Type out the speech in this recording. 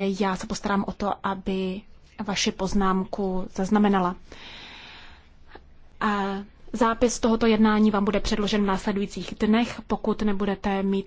Já se postarám o to, aby vaši poznámku zaznamenala. A zápis tohoto jednání vám bude předložen v následujících dnech. Pokud nebudete mít